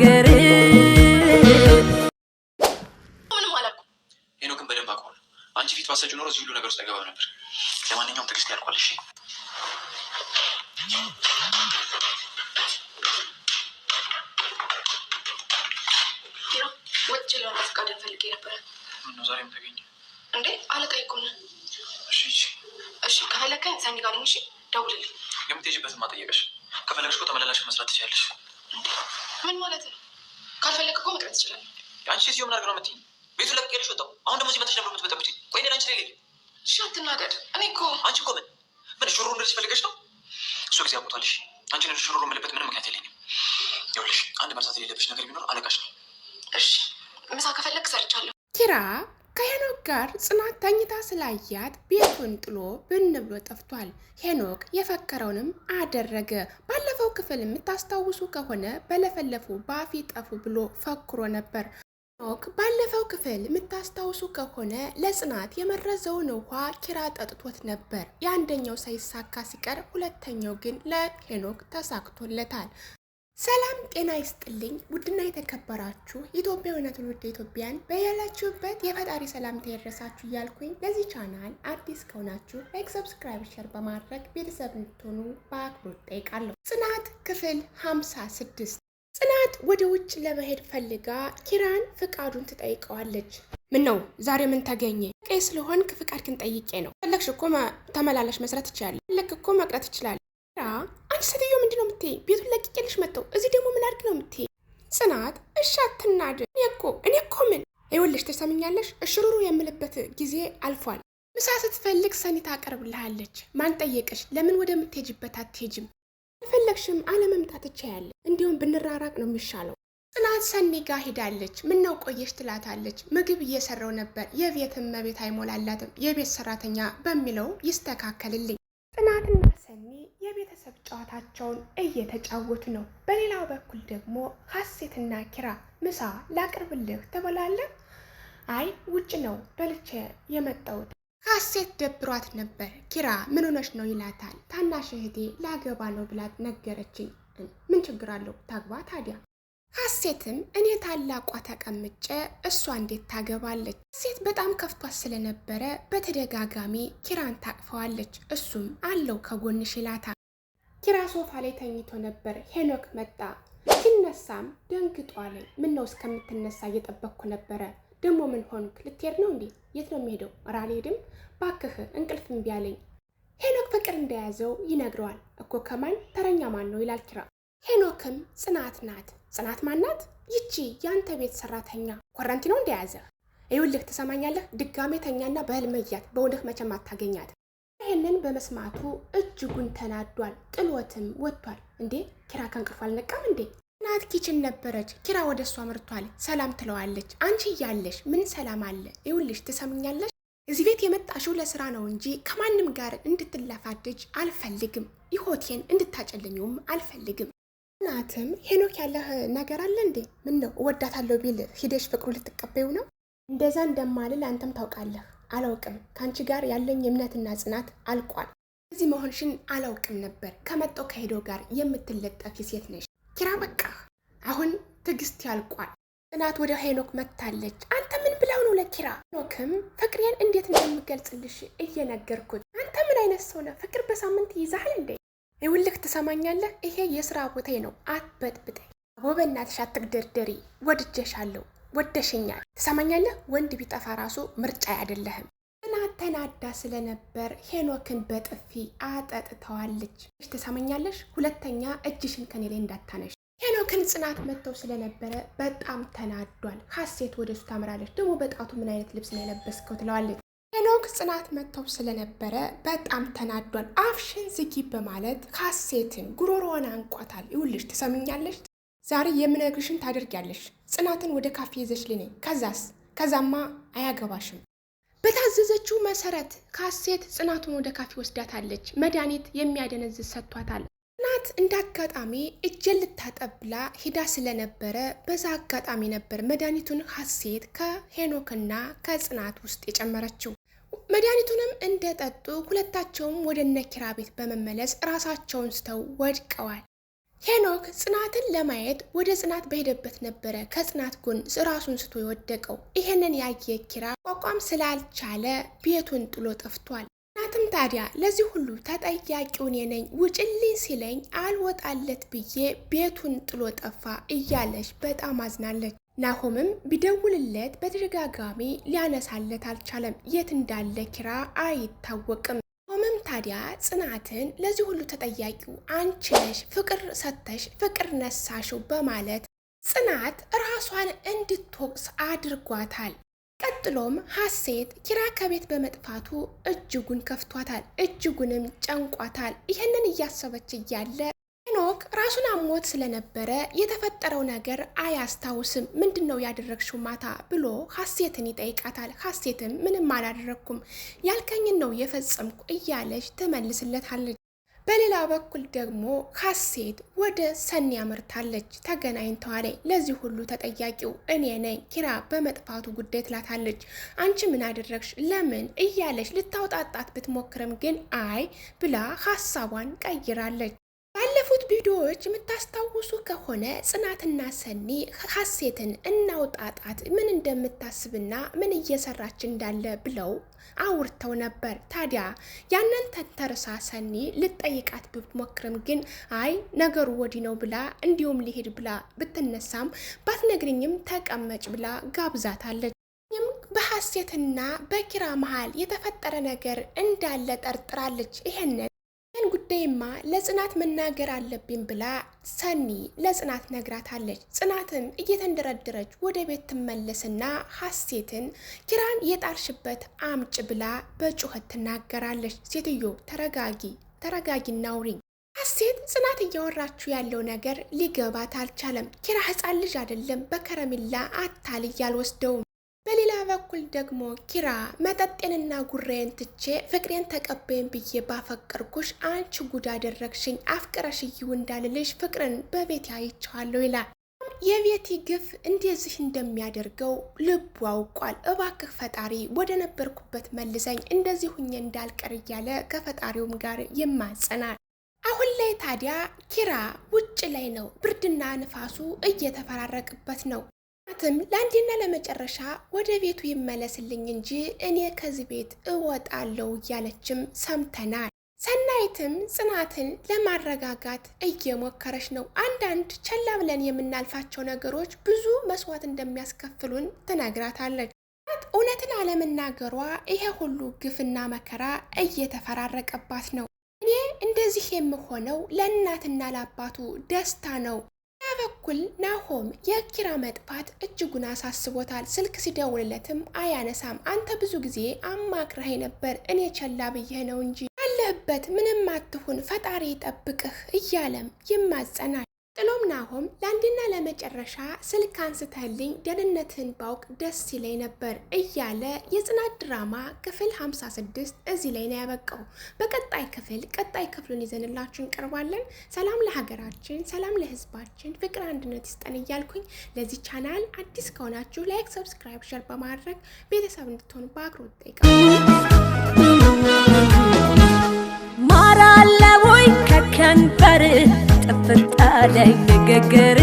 ተናገር። ምንም አላልኩም። ሄኖክን በደንብ አውቀዋለሁ። አንቺ ፊት ባሰጪው ኖሮ እዚህ ሁሉ ነገር ውስጥ አይገባም ነበር። ለማንኛውም ትዕግስት ያልኳል። እሺ ፈቃደን ፈልጌ ነበረ። ምነው ዛሬም ተገኘ እንዴ? አለቃ ይቁነ። እሺ እሺ፣ ከፈለግከኝ ሰኒ ጋር ነኝ። እሺ፣ ደውልልኝ። የምትሄጂበትን ማጠየቀሽ ከፈለግሽ እኮ ተመላላሽ መስራት ትችያለሽ። ምን ማለት ነው? ካልፈለግ እኮ መቅረት ትችላለህ። አንቺ እዚሁ ምን አድርግ ነው የምትይኝ? ቤቱ ለቅቄ ልሽ ወጣሁ። አሁን ደግሞ እዚህ መተሽ ነበር የምትበጠብጪኝ። ቆይ ሌላ አንቺ ሌል እሺ፣ አትናደድ። እኔ እኮ አንቺ እኮ ምን ምን ሽሮ እንደልሽ ፈልገሽ ነው? እሱ ጊዜ አቁቷልሽ። አንቺ ነሽ ሽሮ የምልበት ምንም ምክንያት የለኝም። ይኸውልሽ አንድ መርሳት የሌለብሽ ነገር ቢኖር አለቃሽ ነው። እሺ፣ ምሳ ከፈለግ ሰርቻለሁ። ኪራ ከሄኖክ ጋር ጽናት ተኝታ ስላያት ቤቱን ጥሎ ብን ብሎ ጠፍቷል። ሄኖክ የፈከረውንም አደረገ። ባለፈው ክፍል የምታስታውሱ ከሆነ በለፈለፉ በአፊ ጠፉ ብሎ ፈክሮ ነበር። ሄኖክ ባለፈው ክፍል የምታስታውሱ ከሆነ ለጽናት የመረዘውን ውሃ ኪራ ጠጥቶት ነበር። የአንደኛው ሳይሳካ ሲቀር ሁለተኛው ግን ለሄኖክ ተሳክቶለታል። ሰላም ጤና ይስጥልኝ። ውድና የተከበራችሁ ኢትዮጵያውያንና ውድ ኢትዮጵያን በያላችሁበት የፈጣሪ ሰላምታ ይድረሳችሁ እያልኩኝ ለዚህ ቻናል አዲስ ከሆናችሁ ላይክ፣ ሰብስክራይብ፣ ሸር በማድረግ ቤተሰብ እንድትሆኑ በአክብሮት ጠይቃለሁ። ጽናት ክፍል 56 ጽናት ወደ ውጭ ለመሄድ ፈልጋ ኪራን ፍቃዱን ትጠይቀዋለች። ምን ነው ዛሬ ምን ተገኘ? ቀይ ስለሆንክ ፍቃድ ግን ጠይቄ ነው። ፈለግሽ እኮ ተመላለሽ መስራት ይችላል። ፈለግ እኮ መቅረት ይችላል። አንቺ ሴትዮ ምንድን ነው የምትይ? ቤቱን ለቅቄልሽ መጥተው እዚህ ደግሞ ምን አድርግ ነው የምትይ? ጽናት እሺ አትናድ። እኔ እኮ እኔ እኮ ምን ይኸውልሽ፣ ተሰምኛለሽ እሽሩሩ የምልበት ጊዜ አልፏል። ምሳ ስትፈልግ ሰኒ ታቀርብልሃለች። ማን ጠየቀሽ? ለምን ወደ ምትሄጅበት አትሄጅም? አልፈለግሽም አለመምጣት ይቻላል። እንዲሁም ብንራራቅ ነው የሚሻለው። ጽናት ሰኒ ጋ ሄዳለች። ምነው ቆየሽ ትላታለች። ምግብ እየሰራው ነበር። የቤት እመቤት አይሞላላትም፣ የቤት ሰራተኛ በሚለው ይስተካከልልኝ። ጽናትና ሰኒ የቤተሰብ ጨዋታቸውን እየተጫወቱ ነው። በሌላው በኩል ደግሞ ሀሴትና ኪራ ምሳ ላቅርብልህ ትበላለህ? አይ ውጭ ነው በልቼ የመጣሁት። ሀሴት ደብሯት ነበር። ኪራ ምን ሆነሽ ነው ይላታል። ታናሽ እህቴ ላገባ ነው ብላት ነገረችኝ። ምን ችግር አለው ታግባ ታዲያ። ሀሴትም እኔ ታላቋ ተቀምጬ እሷ እንዴት ታገባለች? ሀሴት በጣም ከፍቷት ስለነበረ በተደጋጋሚ ኪራን ታቅፈዋለች። እሱም አለው ከጎንሽ ይላታል። ኪራ ሶፋ ላይ ተኝቶ ነበር። ሄኖክ መጣ። ሲነሳም ደንግጧል። ምን ነው እስከምትነሳ እየጠበቅኩ ነበረ። ደግሞ ምን ሆንክ? ልትሄድ ነው እንዴ? የት ነው የሚሄደው? ኧረ ባክህ፣ እንቅልፍ እምቢ አለኝ። ሄኖክ ፍቅር እንደያዘው ይነግረዋል። እኮ ከማን ተረኛ ማን ነው ይላል ኪራ። ሄኖክም ጽናት ናት። ጽናት ማናት? ይቺ የአንተ ቤት ሰራተኛ ኮረንቲ ነው እንደያዘ ይውልህ፣ ትሰማኛለህ? ድጋሜ ተኛና በህልመያት በውልህ መቼም አታገኛት። ይህንን በመስማቱ እጅጉን ተናዷል። ጥሎትም ወጥቷል። እንዴ ኪራ ከእንቅልፉ አልነቃም እንዴ? እናት ኪችን ነበረች። ኪራ ወደ እሷ አምርቷል። ሰላም ትለዋለች። አንቺ እያለሽ ምን ሰላም አለ? ይውልሽ ትሰምኛለሽ? እዚህ ቤት የመጣሽው ለስራ ነው እንጂ ከማንም ጋር እንድትለፋድጅ አልፈልግም። ይሆቴን እንድታጨልኝውም አልፈልግም። እናትም ሄኖክ ያለህ ነገር አለ እንዴ? ምን ነው እወዳታለሁ ቢል ሂደሽ ፍቅሩ ልትቀበዩ ነው? እንደዛ እንደማልል አንተም ታውቃለህ። አላውቅም። ከአንቺ ጋር ያለኝ እምነትና ጽናት አልቋል። እዚህ መሆንሽን አላውቅም ነበር። ከመጣው ከሄዶ ጋር የምትለጠፊ ሴት ነሽ ኪራ። በቃ አሁን ትዕግስት ያልቋል። ጽናት ወደ ሄኖክ መታለች አንተ ምን ብለው ነው ለኪራ? ሄኖክም ፍቅሬን እንዴት እንደምገልጽልሽ እየነገርኩት። አንተ ምን አይነት ሰው ነህ? ፍቅር በሳምንት ይይዛል እንዴ? ይውልክ ትሰማኛለህ? ይሄ የስራ ቦታ ነው። አትበጥብጠኝ። አቦ በእናትሽ አትግደርደሪ። ወድጀሻለሁ ወደሽኛል። ትሰማኛለህ? ወንድ ቢጠፋ ራሱ ምርጫ አይደለህም። ጽናት ተናዳ ስለነበር ሄኖክን በጥፊ አጠጥተዋለች። ትሰማኛለሽ? ሁለተኛ እጅሽን ከኔ ላይ እንዳታነሽ። ሄኖክን ጽናት መጥተው ስለነበረ በጣም ተናዷል። ሀሴት ወደ እሱ ታምራለች። ደግሞ በጣቱ ምን አይነት ልብስ ነው የለበስከው ትለዋለች። ሄኖክ ጽናት መጥተው ስለነበረ በጣም ተናዷል። አፍሽን ዝጊ በማለት ሀሴትን ጉሮሮዋን አንቋታል። ይውልሽ ትሰምኛለሽ ዛሬ የምነግርሽን ታደርጊያለሽ። ጽናትን ወደ ካፌ ይዘሽ ልኔ። ከዛስ? ከዛማ አያገባሽም። በታዘዘችው መሰረት ካሴት ጽናቱን ወደ ካፌ ወስዳታለች። መድኃኒት የሚያደነዝዝ ሰጥቷታል። ጽናት እንዳጋጣሚ እጄን ልታጠብ ብላ ሂዳ ስለነበረ በዛ አጋጣሚ ነበር መድኃኒቱን ካሴት ከሄኖክና ከጽናት ውስጥ የጨመረችው። መድኃኒቱንም እንደጠጡ ሁለታቸውም ወደ ነኪራ ቤት በመመለስ ራሳቸውን ስተው ወድቀዋል። ሄኖክ ጽናትን ለማየት ወደ ጽናት በሄደበት ነበረ ከጽናት ጎን ራሱን ስቶ የወደቀው። ይሄንን ያየ ኪራ ቋቋም ስላልቻለ ቤቱን ጥሎ ጠፍቷል። ጽናትም ታዲያ ለዚህ ሁሉ ተጠያቂውን የነኝ ውጭልኝ ሲለኝ አልወጣለት ብዬ ቤቱን ጥሎ ጠፋ እያለች በጣም አዝናለች። ናሆምም ቢደውልለት በተደጋጋሚ ሊያነሳለት አልቻለም። የት እንዳለ ኪራ አይታወቅም። ታዲያ ጽናትን ለዚህ ሁሉ ተጠያቂው አንቺ ነሽ፣ ፍቅር ሰጥተሽ ፍቅር ነሳሽው በማለት ጽናት ራሷን እንድትወቅስ አድርጓታል። ቀጥሎም ሀሴት ኪራ ከቤት በመጥፋቱ እጅጉን ከፍቷታል፣ እጅጉንም ጨንቋታል። ይህንን እያሰበች እያለ ሄኖክ ራሱን አሞት ስለነበረ የተፈጠረው ነገር አያስታውስም። ምንድን ነው ያደረግሽው ማታ ብሎ ሀሴትን ይጠይቃታል። ሀሴትም ምንም አላደረግኩም ያልከኝን ነው የፈጸምኩ እያለች ትመልስለታለች። በሌላ በኩል ደግሞ ሀሴት ወደ ሰኒ ያመርታለች። ተገናኝተዋል። ለዚህ ሁሉ ተጠያቂው እኔ ነኝ ኪራ በመጥፋቱ ጉዳይ ትላታለች። አንቺ ምን አደረግሽ? ለምን እያለች ልታውጣጣት ብትሞክርም ግን አይ ብላ ሀሳቧን ቀይራለች። ባለፉት ቪዲዮዎች የምታስታውሱ ከሆነ ጽናትና ሰኒ ሀሴትን እናውጣጣት ምን እንደምታስብና ምን እየሰራች እንዳለ ብለው አውርተው ነበር። ታዲያ ያንን ተንተርሳ ሰኒ ልጠይቃት ብትሞክርም ግን አይ ነገሩ ወዲ ነው ብላ እንዲሁም ሊሄድ ብላ ብትነሳም ባትነግርኝም ተቀመጭ ብላ ጋብዛታለች። በሀሴትና በኪራ መሀል የተፈጠረ ነገር እንዳለ ጠርጥራለች። ይሄንን አቤማ ለጽናት መናገር አለብኝ ብላ ሰኒ ለጽናት ነግራታለች። ጽናትም እየተንደረደረች ወደ ቤት ትመለስና ሀሴትን ኪራን የጣርሽበት አምጭ ብላ በጩኸት ትናገራለች። ሴትዮ ተረጋጊ፣ ተረጋጊ እናውሪኝ። ሀሴት ጽናት እያወራችሁ ያለው ነገር ሊገባት አልቻለም። ኪራ ህፃን ልጅ አይደለም፣ በከረሜላ አታልይ አልወስደውም። በሌላ በኩል ደግሞ ኪራ መጠጤንና ጉራዬን ትቼ ፍቅሬን ተቀበይን ብዬ ባፈቀርኩሽ አንቺ ጉድ አደረግሽኝ፣ አፍቅረሽ እንዳልልሽ ፍቅርን በቤት አይቼዋለሁ ይላል። የቤቲ ግፍ እንደዚህ እንደሚያደርገው ልቡ አውቋል። እባክህ ፈጣሪ ወደ ነበርኩበት መልሰኝ፣ እንደዚህ ሁኜ እንዳልቀር እያለ ከፈጣሪውም ጋር ይማጸናል። አሁን ላይ ታዲያ ኪራ ውጭ ላይ ነው፣ ብርድና ንፋሱ እየተፈራረቅበት ነው። ናትም ለአንዴና ለመጨረሻ ወደ ቤቱ ይመለስልኝ እንጂ እኔ ከዚህ ቤት እወጣለሁ እያለችም ሰምተናል። ሰናይትም ጽናትን ለማረጋጋት እየሞከረች ነው። አንዳንድ ቸላ ብለን የምናልፋቸው ነገሮች ብዙ መስዋዕት እንደሚያስከፍሉን ትነግራታለች። እውነትን አለመናገሯ ይሄ ሁሉ ግፍና መከራ እየተፈራረቀባት ነው። እኔ እንደዚህ የምሆነው ለእናትና ለአባቱ ደስታ ነው በኩል ናሆም የኪራ መጥፋት እጅጉን አሳስቦታል። ስልክ ሲደውልለትም አያነሳም። አንተ ብዙ ጊዜ አማክረኸኝ ነበር፣ እኔ ቸላ ብዬህ ነው እንጂ ያለህበት ምንም አትሁን፣ ፈጣሪ ይጠብቅህ እያለም ይማጸናል። ጥሎም ናሆም ለአንድና ለመጨረሻ ስልክ አንስተህልኝ ደህንነትህን ባውቅ ደስ ይለኝ ነበር እያለ የጽናት ድራማ ክፍል 56 እዚህ ላይ ነው ያበቃው። በቀጣይ ክፍል ቀጣይ ክፍሉን ይዘንላችሁ እንቀርባለን። ሰላም ለሀገራችን፣ ሰላም ለህዝባችን ፍቅር አንድነት ይስጠን እያልኩኝ ለዚህ ቻናል አዲስ ከሆናችሁ ላይክ፣ ሰብስክራይብ፣ ሸር በማድረግ ቤተሰብ እንድትሆኑ በአክብሮት እጠይቃለሁ። ከንፈር ጥፍጣ ላይ ንግግር